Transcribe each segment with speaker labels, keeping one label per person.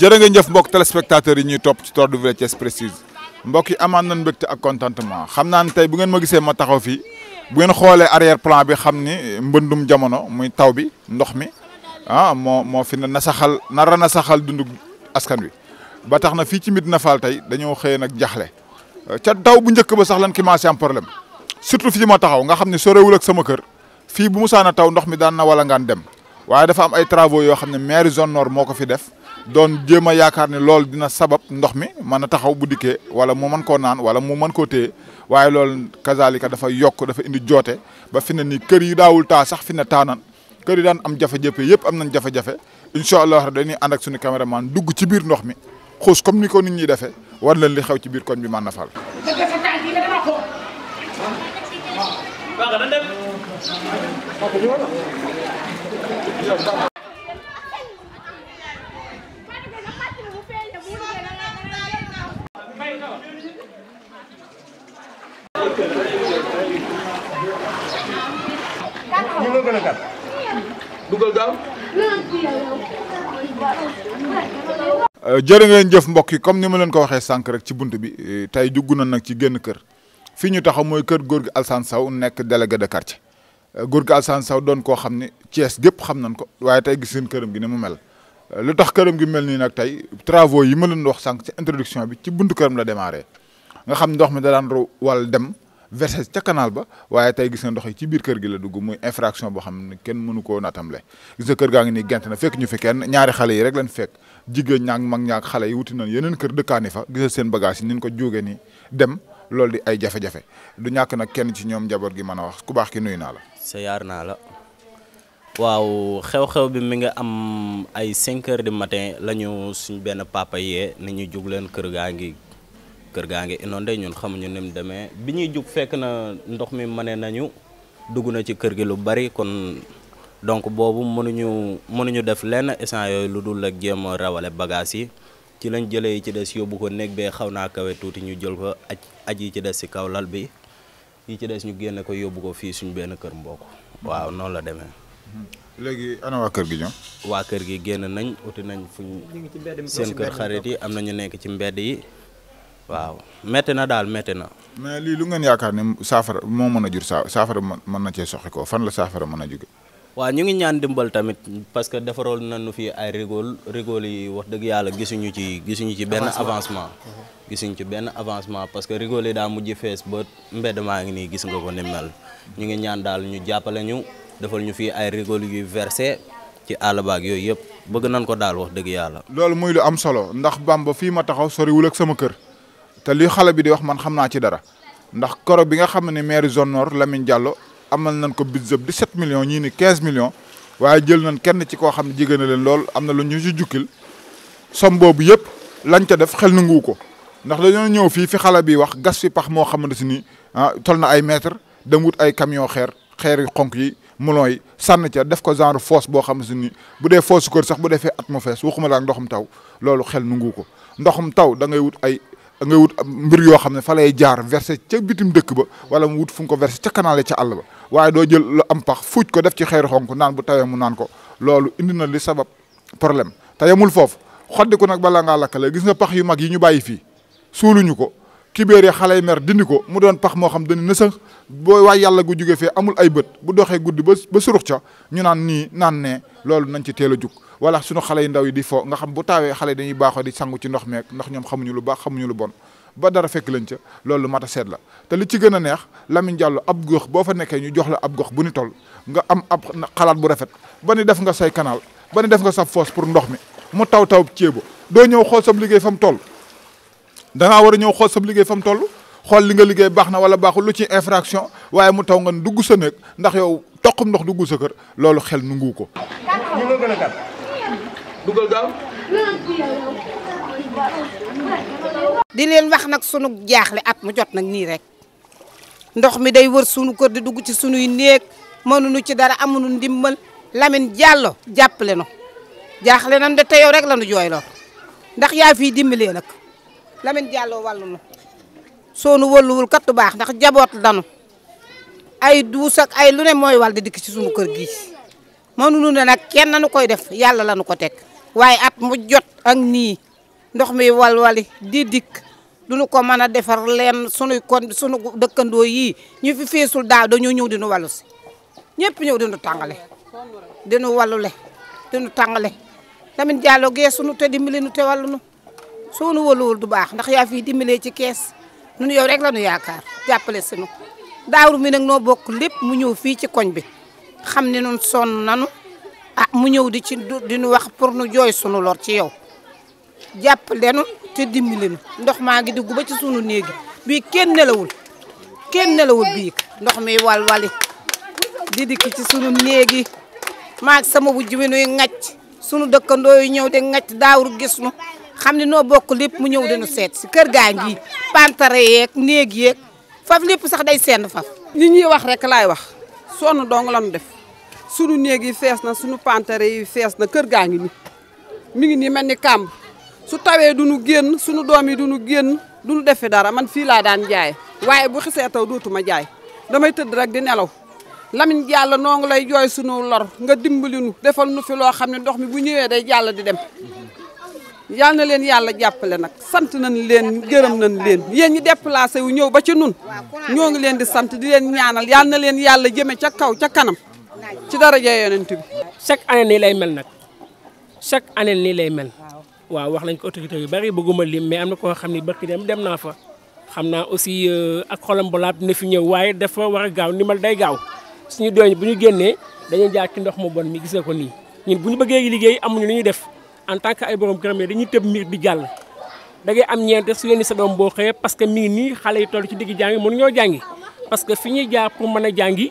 Speaker 1: jërë ngeen jëf mbokk téléspectateurs yi ñuy topp ci Tordou Ville Thiès mbok i amaan nañ mbégte ak contentement xam naan tey bu ngeen ma gisee ma taxaw fii bu ngeen xoolee arrière plan bi xam ni mbëndum jamono muy taw bi ndox mi ah moo moo fi na nasaxal nara nasaxal dundu askan wi ba tax na fii ci Médina Fall tey dañoo xëyee nag jaxle ca taw bu njëkk ba sax lan commencé am problème surtout fi ma taxaw nga xam ne sorewul ak sama kër fii bu mu saan a taw ndox mi daan na wala ngaan dem waaye dafa ay travaux yoo xam ne maire zone nord moo ko fi def doon jéem a yaakaar ne loolu dina sabab ndox mi mën a taxaw bu dikkee wala mu mën koo naan wala mu mën koo téye waaye loolu kazalika dafa yokk dafa indi joote ba fi ne nii kër yi daawul taa sax fi ne taanan kër yi daan am jafe-jafe yëpp am nañ jafe-jafe incha allah dañuy ànd ak suñu caméraman dugg ci biir ndox mi xuus comme ni ko ni ñi defee war leen li xew ci biir koñ bi mën na fal. moo euh, jëf mbokk yi comme ni ma leen ko waxee sànq rek ci bunt bi euh, tey juggu na nag ci genn kër fii ñu taxa mooy kër góor gi Alsaan Saw nekk délégué de quartier euh, góor gi Alsaan Saw doon koo xam ne Thiès gépp xam nañ ko waaye tey gis seen këram gi ni mu mel lu tax këram gi mel nii nag tey travaux yi ma leen wax sànq ci introduction bi ci buntu këram la démarré nga xam ndox mi da daan wal dem versé ci canal ba waye tay gis nga ndox yi ci biir kër gi la dugg muy infraction bo xamne ne kenn mënu koo natamle gis nga kër gaangi ni nii gent na fekk ñu fi kenn ñaari xalé yi rek lañ fekk jigeen mag ñak xalé yi wuti nañ yeneen kër de fa gis sen seen bagage yi ni ko ni dem lol di ay jafe-jafe du ñak nak kenn ci ñom njaboot gi mëna wax ku baax ki nuy na la.
Speaker 2: yar na la waaw xew-xew bi mi nga am ay 5 h du matin lañu suñu ben papa yee ni ñu jug leen kër gaangi kër gaa ngi inondé ñun xamuñu ni mu demee bi ñuy jug fekk na ndox mi mane nañu dugg na ci kër gi lu bari kon donc boobu mënuñu mënuñu def lenn instant yooyu lu dul ak jéem a rawale bagages yi ci lañ jële yi ci des yóbbu ko néeg bee xaw naa kawe tuuti ñu jël ko aj aj yi ci des ci kaw lal bi yi ci des ñu génn ko yóbbu ko fii suñu benn kër mbokk waaw noonu la demee. Mhm. léegi
Speaker 1: ana waa kër gi ñoom.
Speaker 2: waa kër gi génn nañ uti nañ fuñ. seen kër xarit yi am na ñu nekk ci mbedd yi. waaw métti na daal métti na.
Speaker 1: mais lii lu ngeen yaakaar ne saafara moo mën a jur saa saafara mën na cee soxi ko fan la saafara mën a
Speaker 2: jóge. waaw ñu ngi ñaan dimbal tamit parce que defarool nu fii ay rigol rigol yi wax dëgg yàlla gisuñu ci gisuñu ci benn avancement uh-huh. gisuñu ci benn avancement parce que rigol yi daa mujj fees ba mbedd maa ngi nii gis nga ko ni ñu ngi ñaan daal ñu jàppale ñu defal ñu fi ay rigol yuy versé ci àll baag yooyu yëpp bëgg nañ ko daal wax dëgg yàlla loolu
Speaker 1: muy lu am solo ndax Bamba fii ma taxaw soriwul ak sama kër te li xale bi di wax man xamna ci dara ndax koro bi nga xamné maire zone nord Lamine Diallo amal nañ ko budget 17 millions ñi ni 15 millions waye jël nañ kenn ci ko xamné ne leen lool amna lu ñu ci jukil som bobu yëpp lañ ca def xel nanguwu ko ndax dañoo ñëw fi fi xale bi wax gas fi pax mo xamné ci ni tolna ay mètre dem ay camion xeer xeer yu xonk yi mulon yi sànni ca def ko genre fosse boo xam si ni bu dee fosse kër sax bu defee atmosphère waxuma laa ndoxum taw loolu xel nanguwu ko ndoxum taw da ngay wut ay nga wut mbir yoo xam ne fa lay jaar versé ca bitim dëkk ba wala mu wut fu nga ko versé ca canal ca àll ba waaye doo jël lu am pax fuuj ko def ci xeeru xonk naan bu tawee mu naan ko loolu indi na li sabab problème te yemul foofu ku nag balaa ngaa lakkale gis nga pax yu mag yi ñu bàyyi fii suuluñu ko kibéer yi xale yi mer dindi ko mu doon pax moo xam dañu nësax boo waay yàlla gu jóge fee amul ay bët bu doxee guddi ba ba surux ca ñu naan nii naan nee loolu nañ ci teel a jug wala suñu xale yu ndaw yi di fo nga xam bu taawee xale dañuy baaxoo di sangu ci ndox meek ndax ñoom xamuñu lu baax xamuñu lu bon ba dara fekk lañ ca loolu mat a seet la te li ci gën a neex Lamine Diallo ab gox boo fa nekkee ñu jox la ab gox bu ni toll nga am ab xalaat bu rafet ba ni def nga say kanaal ba ni def nga sa foos pour ndox mi mu taw taw ceebo doo ñëw xool sam liggéey fa mu toll da war a ñëw xool sam liggéey fa mu toll xool li nga liggéey baax na wala baaxul lu ci infraction waaye mu taw nga dugg sa néeg ndax yow toqum ndox dugg
Speaker 3: sa kër loolu xel nungu ko. dugal di leen wax nag sunu jaaxle at mu jot nag nii rek ndox mi day wër sunu kër di dugg ci sunuy néeg mënuñu ci dara amuñu ndimbal Lamine Diallo jàppale no jaaxle nan de te yow rek lañu jooyloo ndax yaa fii dimbalee nag Lamine Diallo wàllu nu soo nu wëlluwul kat du baax ndax jaboot danu ay duus ak ay lu ne mooy wal di dikk ci sunu kër gi mënuñu ne nag kenn nu koy def yàlla nu ko teg way at mu jot ak ni ndox mi wali di dikk duñu ko mën defar leen kon sunu dekkando yi ñu fi feesul daaw dañoo ñepp ñew di si ñëpp di dinu walu le wàllule dinu tàngale tamit ge sunu te dimbali nu te wàllunu soonu wàlluwul du baax ndax fi di dimbalee ci kees ñun yow rek la nu yaakaar jàppale sinu daawru mi nak no bok lepp mu ñew fi ci koñ bi xamni ne nun nañu ah mu ñëw di ci di nu wax pour nu jooy sunu lor ci yow jàpp lenu ci dimbali ndox maa ngi dugg ba ci sunu néegi bii kenn nelawul kenn nelawul bii ndox ma mi walwali di dikk ci sunu néegi maag sama wujj bi nuy ŋàcc sunu dëkkandoo yu ñëw de ŋàcc daawul gis nu xam ne noo bokk lépp mu ñëw dinu seet si kër gaa ngi pantare yeeg néeg yeeg faf lépp sax day senn faf li ñuy wax rek laay wax sonn dong la nu def sunu néeg yi fees na sunu pantere yi fees na kër gaa ngi ni mi ngi nii mel ni kàmb su tawee du nu génn sunu doom yi du nu génn du nu dara man fii laa daan jaay waaye bu xisee taw dootuma jaay damay tëdd rek di nelaw Lamine Diallo noo ngi lay jooy sunu lor nga dimbali nu defal nu fi loo xam ne ndox mi bu ñëwee day jàll di dem yal na leen yàlla jàppale nag sant nañ leen gërëm nañ leen yéen ñi déplacé wu ñëw ba ci nun ñoo ngi leen di sant di leen ñaanal yal na leen yàlla jëme ca kaw ca kanam
Speaker 2: ci dara jey yonent bi chaque année ni lay mel nak chaque année ni lay mel waaw wax lañ ko autorité yu bari bëgguma lim mais amna ko xamni xam barki dem dem na fa xamna aussi euh, ak xolam bu laab dina fi ñew waye dafa wara gaaw ni mal day gaaw suñu doñ buñu génné dañu dañuy jaar ci ndox mo bon mi gisé ko ni ñin buñu bëggé bëggee liggéey amuñu lu ñuy def en tant que ay borom këram dañuy teb mir di jàll da ngay am ñeente su yónni sa doom bo xëyee parce que mi ngi nii xale yi toll ci digg jàngi mënu ñoo jàngi parce que fi jaar pour mëna a jàngi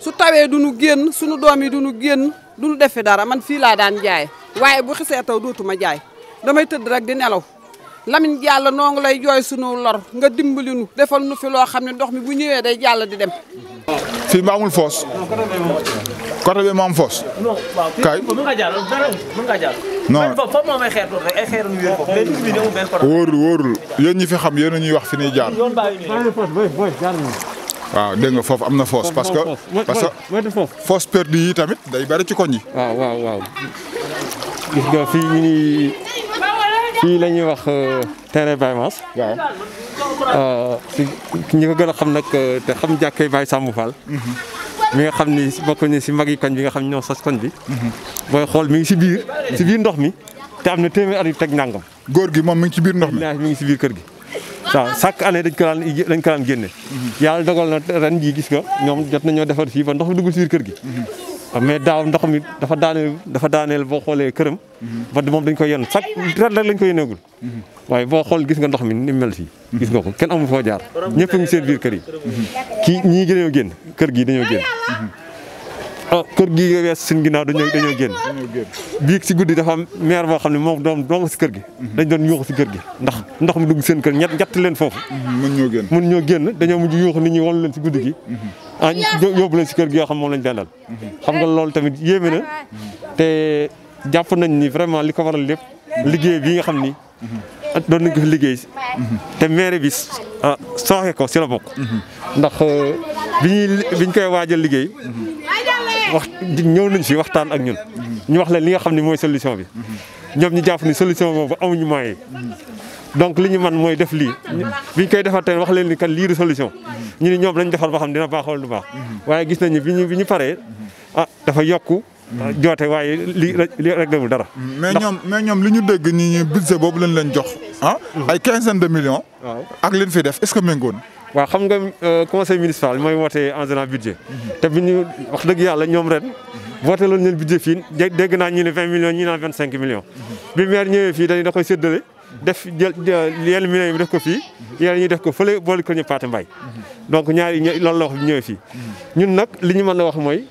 Speaker 2: su tawé duñu génn suñu doomi duñu
Speaker 3: génn duñu défé dara man fi la daan jaay waye bu xissé taw dootuma jaay damay teud rek di nelaw Lamine Diallo no ngi lay jooy lor nga dimbali nu defal nu fi lo xam ndox mi bu ñëwé day jàll di dem.
Speaker 1: fi maamul fos côté bi maam
Speaker 2: foos. kay mu nga jaar dara mu nga jaar non fa fa moom ay xeer rek ay xeer yu wér mais nit ñi ben
Speaker 1: ko wóorul wóorul yeen ñi fi xam yeen ñi wax fi ni jaar. yoon waaw dégg nga foofu am na foos. parce que parce que foos perdu yi tamit day
Speaker 4: bari ci koñ yi. waaw waaw waaw fii ñu ni la ñuy wax euh, terrain Baye Mass. waaw euh, ñi ko gën a xam nag euh, te xam jàkkee Baye Samb Fall. Mhm. mi nga xam ni bokk ni si mag yi koñ bi nga xam ni ñoo sos koñ bi. Mhm. booy xool mi ngi si biir ci biir ndox mi te am na téeméer at yu teg nangam. góor gi moom mi ngi ci biir ndox mi mi ngi si biir kër gi. waaw chaque année dañ ko daan dañ ko daan génne mhm. yàlla dogal na ren jii gis nga ñoom jot nañoo defar fii ba ndox mi dugul si biir kër gi mhm. mais daaw ndox mi dafa daaneel dafa daaneel boo xoolee këram mhm. ba moom dañ koy yenn chaque ren rek lañ koy yéneegul waaye boo xool gis nga ndox mi ni mel fii gis nga ko kenn amu foo jaar ñëpp ngi seen biir kër yi kii ñii dañoo génn kër gi dañoo génn ah kër gi nga wees suñ ginnaaw dañoo dañoo génn bii si guddi dafa am maire boo xam ne moom doom doom si kër gi dañ doon yuuxu si kër gi ndax ndox mu dugg seen kër ñett ñett leen foofu mun ñoo génn dañoo mujj yuuxu nit ñi wal leen si guddi gi ah yóbbu leen si kër gi yoo xam moom lañ dendal xam nga loolu tamit yéeme na te jàpp nañ ni vraiment li ko waral lépp liggéey bi nga xam ni doon nañ ko fi liggéey te maire bi ah, sooxe ko si la bokk ndax euh, bi ñuy ñu koy waajal liggéey wax ñëw nañ fi waxtaan ak ñun ñu wax leen li nga xam ne mooy solution bi ñoom ñu jàpp ni solution boobu amuñu moyen donc li ñu man mooy def lii bi biñ koy defar tamit wax leen ni kan lii di solution ñu ni ñoom lañ defar ba xam dina baax wala du baax waaye gis nañu bi ñu bi ñu paree a ah dafa yokk joote waaye li li réglewul dara. mais ñoom mais ñoom li ñu dégg nii budget boobu lañ leen jox ah. ay cent de millions. waaw ak liñ fi def est-ce que méngóo na waaw xam nga euh, conseil municipal mooy woote en général budget mhm. te bi ñu wax dëgg yàlla ñoom ren mhm. woote loolu ñun budget fii dégg naa ñu ne 20 millions ñi naan 25 millions mhm. bi maire ñëwee fii dañu da koy séddale def jël yenn millions yi def ko fii yenn ñu def ko fële boole ko ñu Pathé Mbaye donc ñaari loolu la wax bi ñëwee fii ñun nag li ñu mën a wax mooy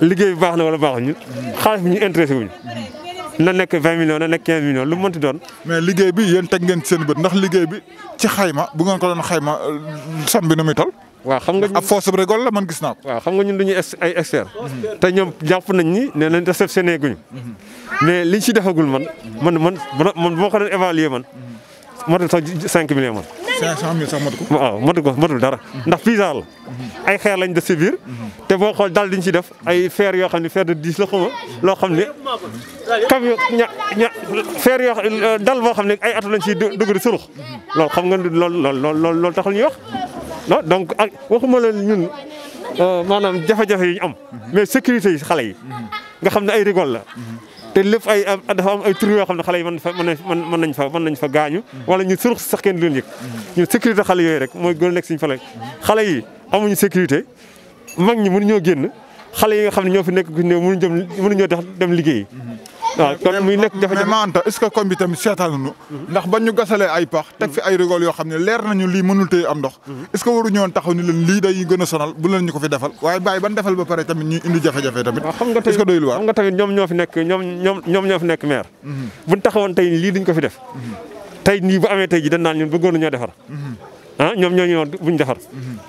Speaker 4: liggéey baax na wala baax ñun xaalis bi ñu intéressé wuñu na nekk 20 millions na nekk 15 millions lu mu mënti doon. mais liggéey bi yéen teg ngeen ci seen bët ndax liggéey bi ci xayma bu ngeen ko doon xayma euh, sam bi nu muy xam nga ñun duñu ay experts. ñoom jàpp nañ ni nee nañ réceptionné guñu. Mhm. mais liñ ci defagul man. man man man bu évaluer man. matul sax cinq millions man.
Speaker 1: cinq cent mille sax matu ko.
Speaker 4: waaw matul dara. ndax pisar la. ay xeer lañ de si biir. te boo xool daal diñ ci def ay fer yoo xam ne fer de dix la xuma loo xam ne comme ña ña fer yoo dal boo xam ne ay atu lañ ciy dugg di surux. xam nga loolu loolu loolu loolu taxul ñuy wax non donc ak waxuma la ñun euh, maanaam jafe-jafe yi ñu am. mais sécurité yi xale yi. nga xam ne ay rigol la. te lépp ay dafa am ay tur yoo xam ne xale yi mën fa mën nañ fa mën nañ fa gaañu mhm. wala ñu surux sax kenn du leen yëg mhm. ñu sécurité xale yooyu rek mooy gën a nekk suñu fa xale yi amuñu sécurité mag ñi mënuñoo génn xale yi nga xam ne ñoo fi nekk ku néew mënuñu dem def dem liggéey mhm. waaw kon muy nekk jafe-jafe mais maanta est
Speaker 1: ndax ba ñu gasalee ay pax teg fi ay rigol yoo xam ne leer nañu li mënul tey am ndox mhm. est ce que waru taxaw ni leen lii day gën a sonal bu leen ñu ko fi defal waaye bàyyi ban defal ba pare tamit ñuy indi jafe-jafe tamit
Speaker 4: est doyul waar xam nga tamit ñoom ñoo nekk ñoom ñoom ñoom ñoo fi nekk maire mhm. buñ taxawoon tey lii duñ ko fi def mhm. tey bu amee tey ji dañ naan ñun bëggoon ñoo defar ah ñoom ñoo bu ñu defar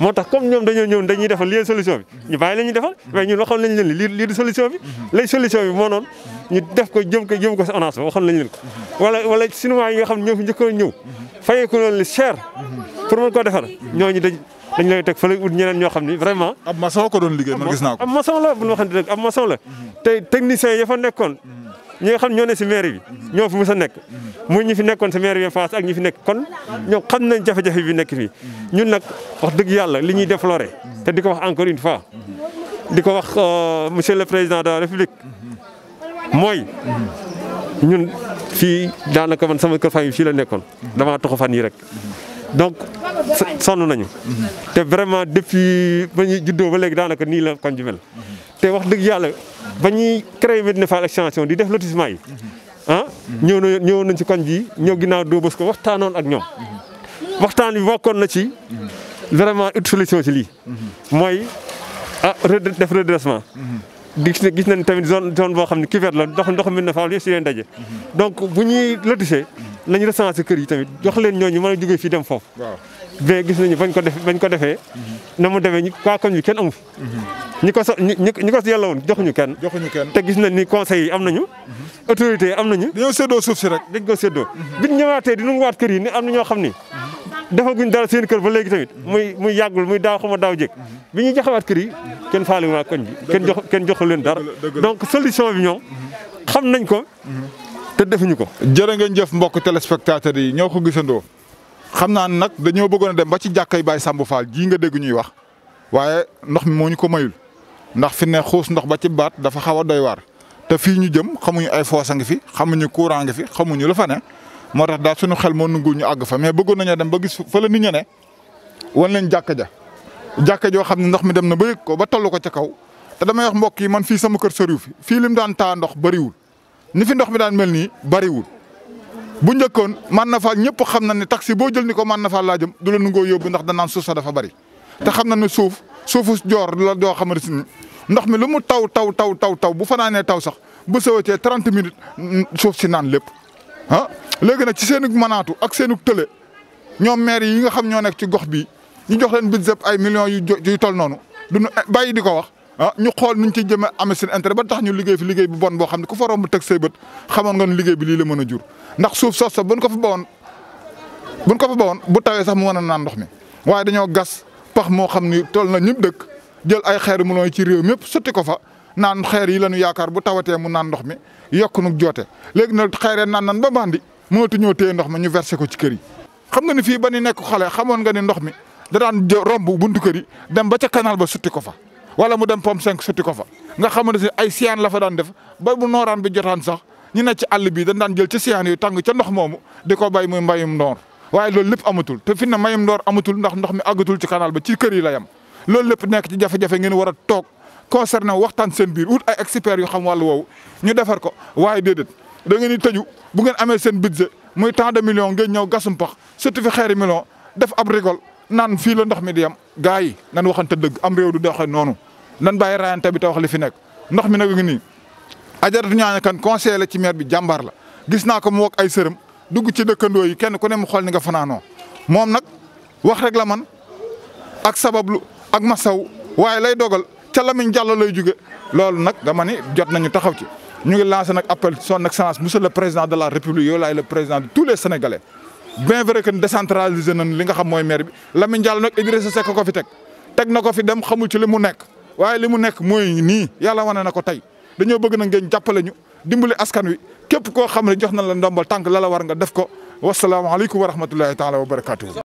Speaker 4: moo tax comme ñoom dañoo ñëw dañuy defar lii solution bi ñu bàyyi la ñuy defar mais ñun waxoon nañ leen lii lii di solution bi lay solution bi moo noonu ñu def ko jëm ko jëm ko si ONAS waxoon nañ leen ko wala wala chinois yi nga xam ne ñoo fi njëkkoon ñëw fayee ko li cher pour mën koo defar ñooñu dañ dañ lay teg fële ut ñeneen ñoo xam ni vraiment ab maçon ko doon liggéey man gis naa ko ab maçon la bu ñu waxante dëgg ab maçon la mhm. te ñi nga xam ñoo ne si maire bi ñoo fi mu a nekk muy ñi fi nekkoon si maire bi Fass ak ñi fi nekk kon ñoo xam nañ jafe-jafe bi nekk fii ñun nag wax dëgg yàlla li ñuy déploré te di ko wax encore une fois di ko wax euh, monsieur le président de la république mooy ñun fii daanaka man sama kër famille fii la nekkoon damaa toxo fa nii rek donc sonn nañu te vraiment depuis ba ñuy juddoo ba léegi daanaka nii la kon ji te wax dëgg yàlla ba ñuy créé Médina Fall extension di def lotissement yi ah ñëw na ñëw nañ ci koñ bii ñëw ginnaaw doo bës ko waxtaanoon ak ñoom waxtaan bi bokkoon na ci vraiment une solution ci lii mooy ah def redressement di gis nañ tamit zone zone boo xam ne couverte la ndox ndox Médina Fall yëpp si leen daje donc bu ñuy lotissé nañ recensé kër yi tamit jox leen ñooñu mën a jógee fii dem foofu bee gis nañu bañ ko def bañ ko defee na mu demee waa koñ bi kenn amu fi ñi ko so ñi ko yàlla woon joxuñu kenn joxuñu kenn te gis nañ ni conseils yi am nañu autorités yi am nañu dañoo séddoo suuf si rek dañ ko séddoo biñ ñëwaatee di nu waat kër yi ni am na ñoo xam ni defaguñ dara seen kër ba léegi tamit muy muy yàggul muy daaw xama daaw jëkk bi ñuy joxewaat kër yi kenn faale waa koñ bi kenn jox kenn joxu leen dara donc solution bi ñoom xam nañ ko te defuñu ko jërë ngeen jëf mbokk
Speaker 1: téléspectateurs yi ñoo ko gisandoo xam naa nag dañoo bëggoon a dem ba ci jàkkay baay Samb Fall jii nga dégg ñuy wax waaye ndox mi moo ñu ko mayul ndax fi ne xuus ndox ba ci baat dafa xaw a doy waar te fii ñu jëm xamuñu ay foos a ngi fi xamuñu courant ngi fi xamuñu la fa ne moo tax daal suñu xel moo nungul ñu àgg fa mais bëggoon nañoo dem ba gis fa la nit ne wan leen jàkka ja jàkka joo xam ne ndox mi dem na ba yëg ko ba toll ko ca kaw te damay wax mbokk yi man fii sama kër soriw fi fii lim daan taa ndox bariwul ni fi ndox mi daan mel nii bariwul bu njëkkoon man na faa ñëpp xam na ne taxi boo jël ni ko man na faa laa jëm du la nungoo yóbbu ndax danaan suuf sa dafa bari te xam na ne suuf suufu joor la doo xamante ne ndox mi lu mu taw taw taw taw taw bu fanaanee taw sax bu sawatee trente minutes mm, suuf si naan lépp ah léegi nag ci seen manaatu ak seen tële ñoom maire yi nga xam ñoo nekk ci gox bi ñu jox leen budget ay millions yu yu noonu noonu duñu eh, bàyyi di ko wax ah ñu xool nuñ ci jëme amee seen intérêt ba tax ñu liggéey fi liggéey bu bon boo xam ne k fa romb teg say bët xamoon nga liggéey bi lii mën a jur ndax suuf sos sa buñ ko fa bawoon buñ ko fa bawoon bu tawee sax mu mën a naan ndox mi waaye dañoo gas pax moo xam ni toll na ñëpp dëkk jël ay xeer mulon yi ci réew mépp sotti ko fa naan xeer yi lañu yaakaar bu tawatee mu naan ndox mi yokk nu joote léegi nag xeeree naan nan ba bandi mënatu ñoo téye ndox mi ñu versé ko ci kër yi xam nga ni fii ba ni nekk xale xamoon nga ni ndox mi da daan romb buntu kër yi dem ba ca canal ba sotti ko fa wala mu dem pompe 5 sotti ko fa nga xamante ne ay siyaan la fa daan def ba nooraan bi jotaan sax ñu ne ci àll bi dañ daan jël ci siyaan yu tàng ca ndox moomu di ko bay muy mbayum ndoor waaye lool lépp amatul te fi na mbayum ndoor amatul ndax ndox mi àggatul ci kanaal ba ci kër yi la yam loolu lépp nekk ci jafe-jafe ngeen war a toog concerné waxtaan seen biir ut ay experts yu xam wàllu woowu ñu defar ko waaye déedéet da ngeen di tëju bu ngeen amee seen budget muy tant de million ngeen ñëw gasum pax surtout fi xeeri million def ab naan fii ndox mi di yam gars yi nan waxante dëgg am réew du doxee noonu nan bàyyi rayante bi te li fi nekk ndox mi nag ngi nii ajaratu ñaaña kan conseiller la ci maire bi jàmbaar gis naa ko mu wokk ay sërëm dugg ci dëkkandoo yi kenn ku ne mu xool ni nga fanaanoo moom nag wax rek la man ak sabablu ak masaw waaye lay dogal ca Lamine Diallo lay jóge loolu nag dama ni jot nañu taxaw ci ñu ngi lancé nag appel son excellence monsieur le président de la république yow laay le président de tous les sénégalais bien vrai que décentralisé nañ li nga xam mooy maire bi Lamine Diallo nag Idrissa Seck ko fi teg teg na ko fi dem xamul ci li mu nekk waaye li mu nekk mooy nii yàlla wane na ko tey dañoo bëgg na ngeen jàppale ñu dimbali askan wi képp koo xam ne jox na la ndombal tànk la la war nga def ko wasalaamaaleykum wa rahmatullahi taala wa barakaatu.